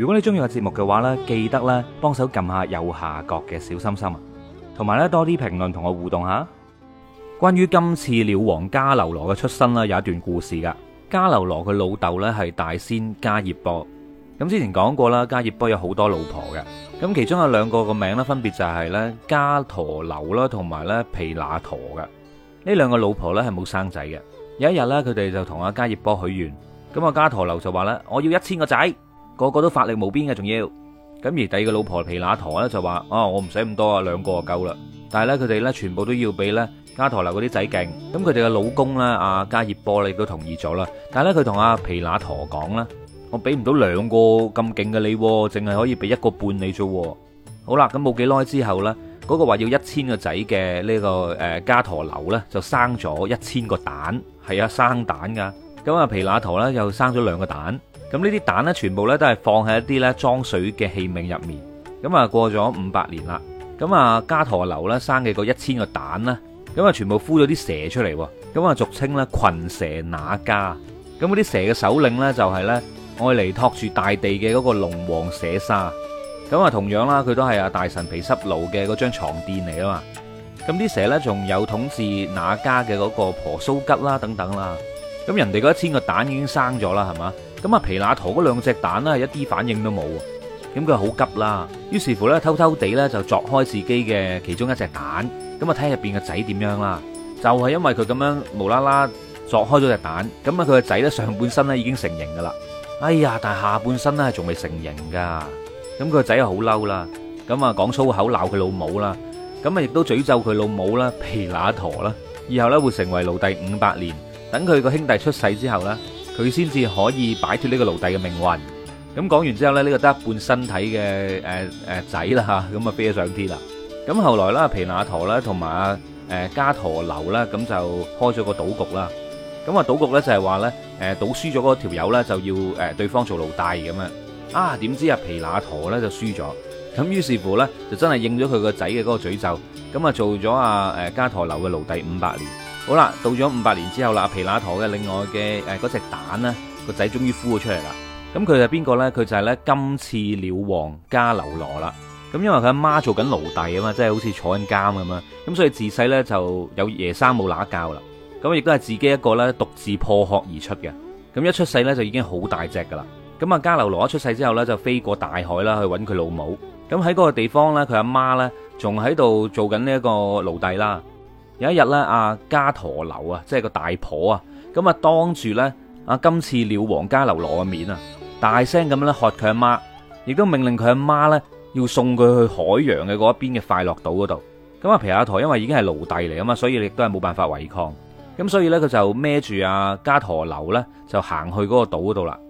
如果你中意個節目嘅話呢，記得咧幫手撳下右下角嘅小心心，同埋咧多啲評論同我互動下。關於金翅鳥王迦樓羅嘅出身啦，有一段故事噶。迦樓羅佢老豆咧係大仙加葉波咁，之前講過啦。加葉波有好多老婆嘅，咁其中有兩個個名咧，分別就係咧加陀流啦，同埋咧皮那陀嘅呢兩個老婆咧係冇生仔嘅。有一日咧，佢哋就同阿加葉波許願，咁阿加陀流就話啦：我要一千個仔。個個都法力無邊嘅，仲要咁。而第二個老婆皮那陀咧就話：哦，我唔使咁多啊，兩個就夠啦。但係咧，佢哋咧全部都要俾咧加陀流嗰啲仔勁。咁佢哋嘅老公咧，阿加葉波咧亦都同意咗啦。但係咧，佢同阿皮那陀講啦：我俾唔到兩個咁勁嘅你，淨係可以俾一個半你啫。好啦，咁冇幾耐之後咧，嗰個話要一千個仔嘅呢個誒加陀流咧就生咗一千個蛋，係啊生蛋噶。咁阿皮那陀咧又生咗兩個蛋。咁呢啲蛋呢，全部呢都係放喺一啲呢裝水嘅器皿入面。咁啊，過咗五百年啦。咁啊，加陀樓呢，生嘅嗰一千個蛋呢，咁啊全部孵咗啲蛇出嚟。咁啊，俗稱呢，群蛇那家。咁嗰啲蛇嘅首領呢，就係呢愛嚟托住大地嘅嗰個龍王蛇沙。咁啊，同樣啦，佢都係啊大神皮濕奴嘅嗰張床墊嚟啊嘛。咁啲蛇呢，仲有統治哪家那家嘅嗰個婆蘇吉啦等等啦。咁人哋嗰一千個蛋已經生咗啦，係嘛？咁啊，皮那陀嗰兩隻蛋啦，一啲反應都冇，咁佢好急啦。於是乎咧，偷偷地咧就鑿開自己嘅其中一隻蛋，咁啊睇下入邊個仔點樣啦。就係因為佢咁樣無啦啦鑿開咗隻蛋，咁啊佢個仔咧上半身咧已經成形噶啦。哎呀，但下半身咧仲未成形噶。咁佢個仔又好嬲啦，咁啊講粗口鬧佢老母啦，咁啊亦都詛咒佢老母啦，皮那陀啦。以後咧會成為奴隸五百年。等佢個兄弟出世之後咧。佢先至可以擺脫呢個奴隸嘅命運。咁講完之後咧，呢個得一半身體嘅誒誒仔啦嚇，咁啊飛咗上天啦。咁後來啦，皮那陀啦同埋啊誒加陀流啦，咁就開咗個賭局啦。咁啊賭局咧就係話咧，誒賭輸咗嗰條友咧就要誒對方做奴隸咁啊。點知啊皮那陀咧就輸咗，咁於是乎咧就真係應咗佢個仔嘅嗰個詛咒，咁啊做咗啊誒加陀流嘅奴隸五百年。好啦，到咗五百年之後啦，皮那陀嘅另外嘅誒嗰隻蛋呢，個仔終於孵咗出嚟啦。咁佢係邊個呢？佢就係金翅鳥王迦樓羅啦。咁因為佢阿媽做緊奴隸啊嘛，即係好似坐緊監咁樣，咁所以自細呢就有爺生冇乸教啦。咁亦都係自己一個呢獨自破殼而出嘅。咁一出世呢，就已經好大隻噶啦。咁啊迦樓羅一出世之後呢，就飛過大海啦去搵佢老母。咁喺嗰個地方呢，佢阿媽呢，仲喺度做緊呢一個奴隸啦。有一日咧，阿加陀流啊，即係個大婆啊，咁啊當住咧阿金翅鳥王迦樓羅嘅面啊，大聲咁樣喝佢阿媽，亦都命令佢阿媽咧要送佢去海洋嘅嗰一邊嘅快樂島嗰度。咁啊皮亞陀因為已經係奴隸嚟啊嘛，所以亦都係冇辦法違抗。咁所以咧佢就孭住阿加陀流咧就行去嗰個島嗰度啦。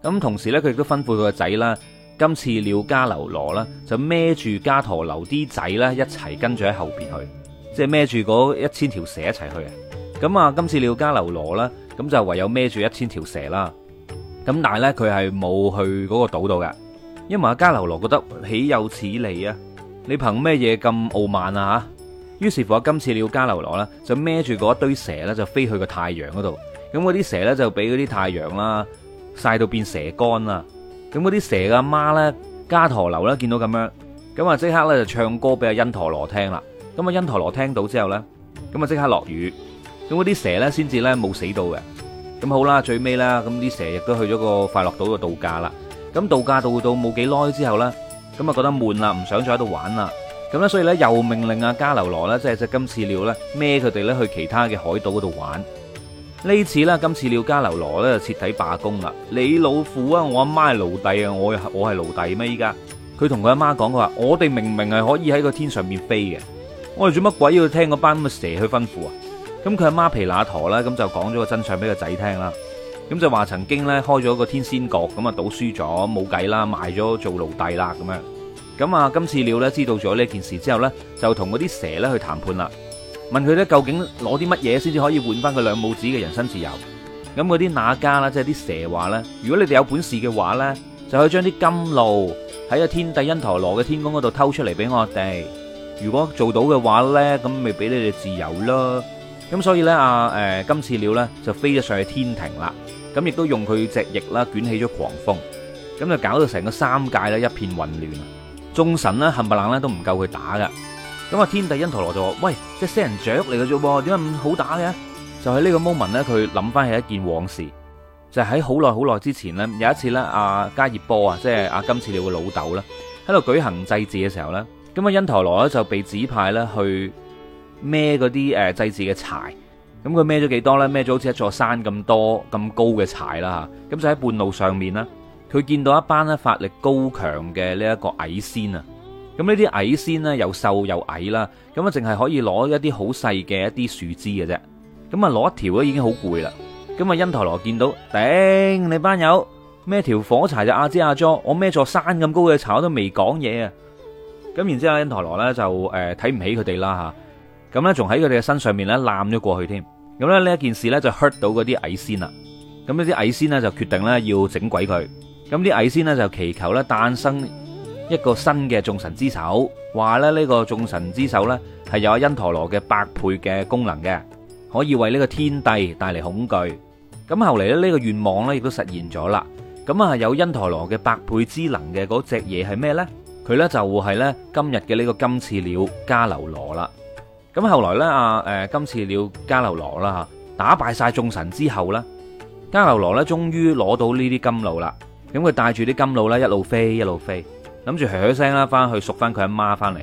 咁同時咧佢亦都吩咐佢個仔啦，金翅鳥迦樓羅啦就孭住加陀流啲仔咧一齊跟住喺後面去。即係孭住嗰一千條蛇一齊去，咁啊，今次了迦樓羅啦，咁就唯有孭住一千條蛇啦。咁但係咧，佢係冇去嗰個島度嘅，因為阿迦樓羅覺得豈有此理啊！你憑咩嘢咁傲慢啊？吓，於是乎，今次了迦樓羅啦，就孭住嗰一堆蛇咧，就飛去個太陽嗰度。咁嗰啲蛇咧就俾嗰啲太陽啦曬到變蛇乾啦。咁嗰啲蛇嘅阿媽咧，加陀留咧見到咁樣，咁啊即刻咧就唱歌俾阿因陀羅聽啦。咁啊！因陀羅聽到之後咧，咁啊即刻落雨，咁嗰啲蛇咧先至咧冇死到嘅。咁好啦，最尾啦，咁啲蛇亦都去咗個快樂島度度假啦。咁度假度到到冇幾耐之後咧，咁啊覺得悶啦，唔想再喺度玩啦。咁咧，所以咧又命令阿迦樓羅咧，即係隻金翅鳥咧，孭佢哋咧去其他嘅海島嗰度玩。呢次啦，金翅鳥迦樓羅咧就徹底罷工啦。你老虎啊，我阿媽係奴隸啊，我我係奴隸咩？依家佢同佢阿媽講佢話，我哋明明係可以喺個天上面飛嘅。我哋做乜鬼要聽嗰班咁嘅蛇去吩咐啊？咁佢阿媽皮那陀咧，咁就講咗個真相俾個仔聽啦。咁就話曾經呢，開咗個天仙閣，咁啊賭輸咗冇計啦，賣咗做奴隸啦咁樣。咁啊，金翅鳥呢，知道咗呢件事之後呢，就同嗰啲蛇呢去談判啦，問佢呢，究竟攞啲乜嘢先至可以換翻佢兩母子嘅人身自由？咁嗰啲那家啦，即係啲蛇話呢，如果你哋有本事嘅話呢，就可以將啲金露喺個天帝因陀羅嘅天宮嗰度偷出嚟俾我哋。如果做到嘅話咧，咁咪俾你哋自由咯。咁所以咧，阿誒金翅鳥咧就飛咗上去天庭啦。咁亦都用佢隻翼啦，捲起咗狂風，咁就搞到成個三界咧一片混亂。眾神咧冚唪唥咧都唔夠佢打噶。咁阿天帝因陀羅就話：喂，即係死人雀嚟嘅啫，點解咁好打嘅？就喺呢個 moment 咧，佢諗翻起一件往事，就喺好耐好耐之前咧，有一次咧，阿加葉波啊，即係阿金翅鳥嘅老豆啦，喺度舉行祭祀嘅時候咧。咁啊，因陀羅咧就被指派咧去孭嗰啲誒祭祀嘅柴。咁佢孭咗幾多咧？孭咗好似一座山咁多、咁高嘅柴啦嚇。咁就喺半路上面啦，佢見到一班咧法力高強嘅呢一個矮仙啊。咁呢啲矮仙咧又瘦又矮啦。咁啊，淨係可以攞一啲好細嘅一啲樹枝嘅啫。咁啊，攞一條都已經好攰啦。咁啊，因陀羅見到，頂你班友孭條火柴就阿芝阿莊，我孭座山咁高嘅柴我都未講嘢啊！咁然之後，因陀羅咧就誒睇唔起佢哋啦嚇，咁咧仲喺佢哋嘅身上面咧攬咗過去添。咁咧呢一件事咧就 hurt 到嗰啲矮仙啦。咁呢啲矮仙呢，就決定咧要整鬼佢。咁啲矮仙呢，就祈求咧誕生一個新嘅眾神之首，話咧呢個眾神之首咧係有阿因陀羅嘅百倍嘅功能嘅，可以為呢個天帝帶嚟恐懼。咁後嚟咧呢個願望咧亦都實現咗啦。咁啊有因陀羅嘅百倍之能嘅嗰隻嘢係咩咧？那個佢呢就係咧今日嘅呢個金翅鳥迦樓羅啦。咁後來呢，阿誒金翅鳥迦樓羅啦吓，打敗晒眾神之後呢，迦樓羅呢終於攞到呢啲甘露啦。咁佢帶住啲甘露呢一路飛，一路飛，諗住響響聲啦，翻去贖翻佢阿媽翻嚟。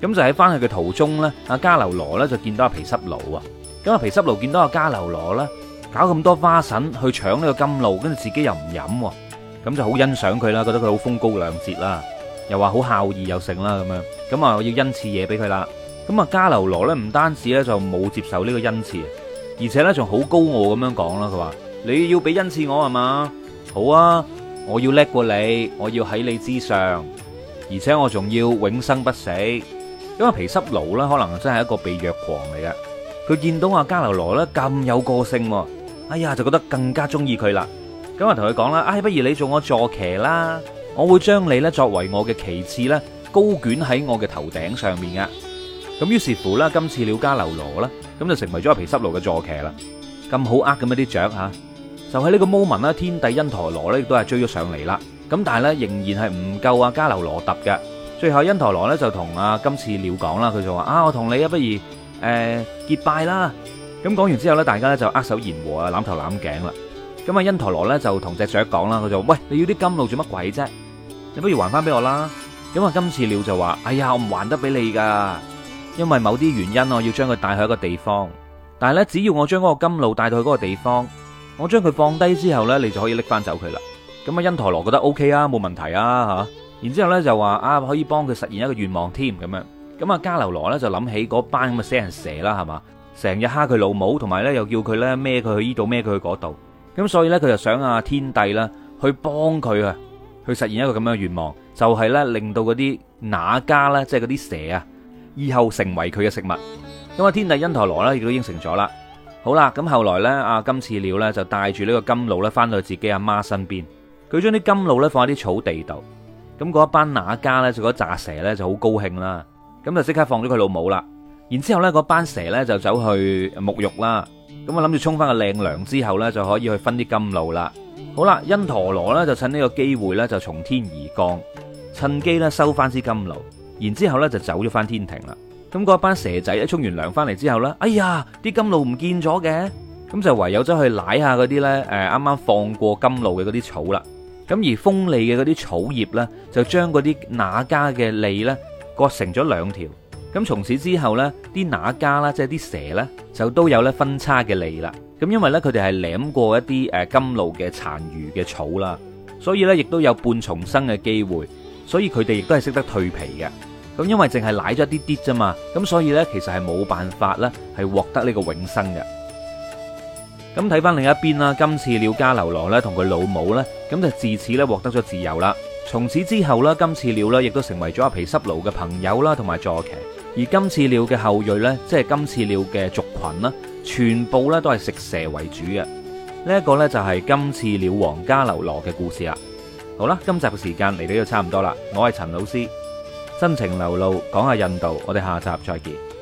咁就喺翻去嘅途中呢，阿迦樓羅呢就見到阿毗濕奴啊。咁阿毗濕奴見到阿迦樓羅呢，搞咁多花臣去搶呢個甘露，跟住自己又唔飲喎，咁就好欣賞佢啦，覺得佢好風高亮節啦。又話好孝義又成啦咁樣，咁啊，我要恩賜嘢俾佢啦。咁啊迦樓羅咧唔單止咧就冇接受呢個恩賜，而且咧仲好高傲咁樣講啦。佢話，你要俾恩賜我係嘛？好啊，我要叻過你，我要喺你之上，而且我仲要永生不死。因為皮濕奴咧可能真係一個被虐狂嚟嘅。佢見到阿迦樓羅咧咁有個性，哎呀就覺得更加中意佢啦。咁啊同佢講啦，哎不如你做我坐騎啦。我會將你咧作為我嘅旗幟咧，高捲喺我嘅頭頂上面嘅。咁於是乎啦，金翅鳥迦樓羅啦，咁就成為咗皮濕奴嘅坐騎啦。咁好呃，咁一啲雀吓，就喺呢個 moment 啦。天帝因陀羅咧，亦都係追咗上嚟啦。咁但係咧，仍然係唔夠啊！迦樓羅揼嘅，最後因陀羅咧就同金翅鳥講啦，佢就話啊，我同你啊，不如誒、呃、結拜啦。咁講完之後咧，大家咧就握手言和啊，攬頭攬頸啦。咁啊，因陀羅咧就同隻雀講啦，佢就喂，你要啲金露做乜鬼啫？你不如還翻俾我啦，咁啊，今次鳥就話：哎呀，我唔還得俾你噶，因為某啲原因，我要將佢帶去一個地方。但係呢，只要我將嗰個金露帶到去嗰個地方，我將佢放低之後呢，你就可以拎翻走佢啦。咁啊，因陀羅覺得 OK 啊，冇問題啊吓。然之後呢就話啊，可以幫佢實現一個願望添咁樣。咁啊，迦樓羅呢，就諗起嗰班咁嘅死人蛇啦，係嘛，成日蝦佢老母，同埋呢又叫佢呢，孭佢去依度孭佢去嗰度。咁所以呢，佢就想啊天帝啦去幫佢啊。去實現一個咁樣嘅願望，就係咧令到嗰啲那家咧，即係嗰啲蛇啊，以後成為佢嘅食物。咁啊，天帝因陀羅咧亦都應承咗啦。好啦，咁後來咧，阿金翅鳥咧就帶住呢個甘露咧翻到去自己阿媽身邊。佢將啲甘露咧放喺啲草地度。咁嗰一班那家咧，做咗炸蛇咧就好高興啦。咁就即刻放咗佢老母啦。然之後咧，嗰班蛇咧就走去沐浴啦。咁啊，諗住沖返個靚涼之後咧，就可以去分啲甘露啦。好啦，因陀羅咧就趁呢個機會咧就從天而降，趁機咧收翻支甘露，然之後咧就走咗翻天庭啦。咁嗰班蛇仔一沖完涼翻嚟之後咧，哎呀，啲甘露唔見咗嘅，咁就唯有走去舐下嗰啲咧，誒，啱啱放過甘露嘅嗰啲草啦。咁而鋒利嘅嗰啲草葉咧，就將嗰啲那家嘅脷咧割成咗兩條。咁從此之後咧，啲那家啦，即係啲蛇咧，就都有咧分叉嘅脷啦。咁因為咧，佢哋係舐過一啲誒甘露嘅殘餘嘅草啦，所以咧亦都有半重生嘅機會，所以佢哋亦都係識得蛻皮嘅。咁因為淨係舐咗一啲啲啫嘛，咁所以咧其實係冇辦法咧係獲得呢個永生嘅。咁睇翻另一邊啦，金翅鳥迦樓羅咧同佢老母咧，咁就自此咧獲得咗自由啦。從此之後咧，金翅鳥咧亦都成為咗阿毗濕奴嘅朋友啦，同埋坐騎。而金翅鳥嘅後裔咧，即係金翅鳥嘅族群啦。全部咧都係食蛇為主嘅，呢一個咧就係金翅鳥王迦樓羅嘅故事啦。好啦，今集嘅時間嚟到就差唔多啦，我係陳老師，真情流露講下印度，我哋下集再見。